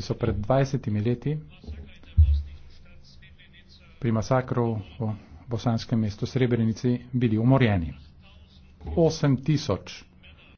ki so pred 20 leti pri masakru v bosanskem mestu Srebrenici bili umorjeni. 8 tisoč